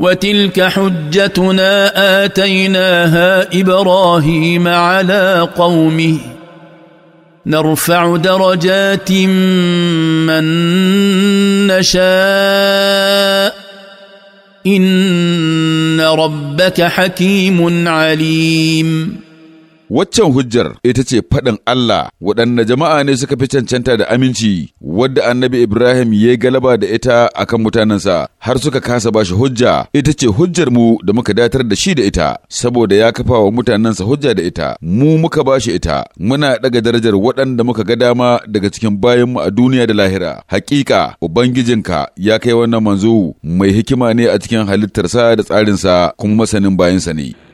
وتلك حجتنا اتيناها ابراهيم على قومه نرفع درجات من نشاء ان ربك حكيم عليم Waccan hujjar ita ce faɗin Allah waɗanne jama'a ne suka fi cancanta da aminci wadda annabi Ibrahim ya galaba da ita akan mutanensa har suka kasa bashi hujja ita ce hujjar mu da muka datar da shi da ita saboda ya kafa wa mutanensa hujja da ita mu muka bashi ita muna ɗaga darajar waɗanda muka ga dama daga cikin bayanmu a duniya da lahira hakika ubangijinka ya kai wannan manzo mai hikima ne a cikin halittarsa da tsarinsa kuma masanin bayansa ne